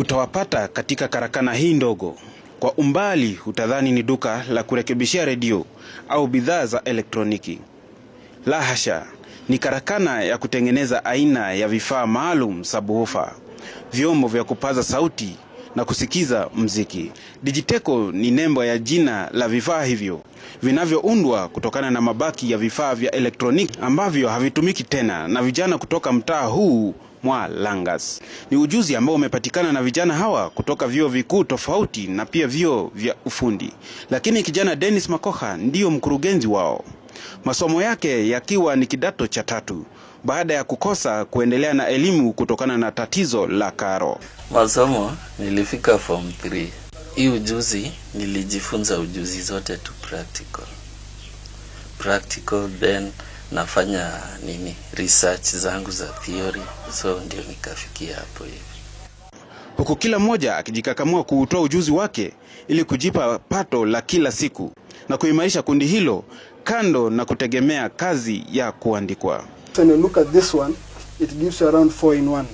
utawapata katika karakana hii ndogo. Kwa umbali utadhani ni duka la kurekebishia redio au bidhaa za elektroniki. La hasha, ni karakana ya kutengeneza aina ya vifaa maalum, sabuhufa vyombo vya kupaza sauti na kusikiza mziki. dijiteko ni nembo ya jina la vifaa hivyo vinavyoundwa kutokana na mabaki ya vifaa vya elektroniki ambavyo havitumiki tena na vijana kutoka mtaa huu mwa Langas. Ni ujuzi ambao umepatikana na vijana hawa kutoka vyuo vikuu tofauti na pia vyuo vya ufundi, lakini kijana Dennis Makoha ndiyo mkurugenzi wao, masomo yake yakiwa ni kidato cha tatu baada ya kukosa kuendelea na elimu kutokana na tatizo la karo. Masomo nilifika form 3. Hii ujuzi nilijifunza ujuzi zote tu practical. Practical then nafanya nini research zangu za theory, so ndio nikafikia hapo hivi, huku kila mmoja akijikakamua kuutoa ujuzi wake ili kujipa pato la kila siku na kuimarisha kundi hilo kando na kutegemea kazi ya kuandikwa. When you look at this one, it gives you around 4 in 1.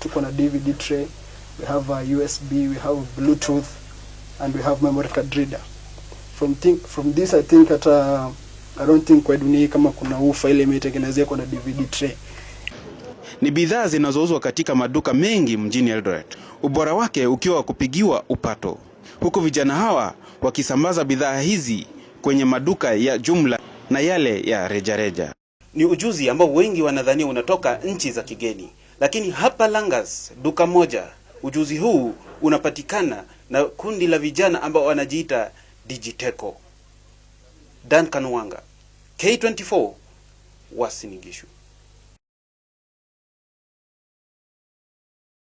Tuko na DVD tray, we have a USB, we have Bluetooth and we have memory card reader. From, think, from this I think that uh, I don't think kwa dunia hii kama kuna ufa ile imetengenezea kwa na DVD tray. Ni bidhaa zinazouzwa katika maduka mengi mjini Eldoret, ubora wake ukiwa wa kupigiwa upato, huku vijana hawa wakisambaza bidhaa hizi kwenye maduka ya jumla na yale ya rejareja reja. Ni ujuzi ambao wengi wanadhania unatoka nchi za kigeni, lakini hapa Langas duka moja ujuzi huu unapatikana na kundi la vijana ambao wanajiita Digiteco. Dan Kanuwanga K24 Uasin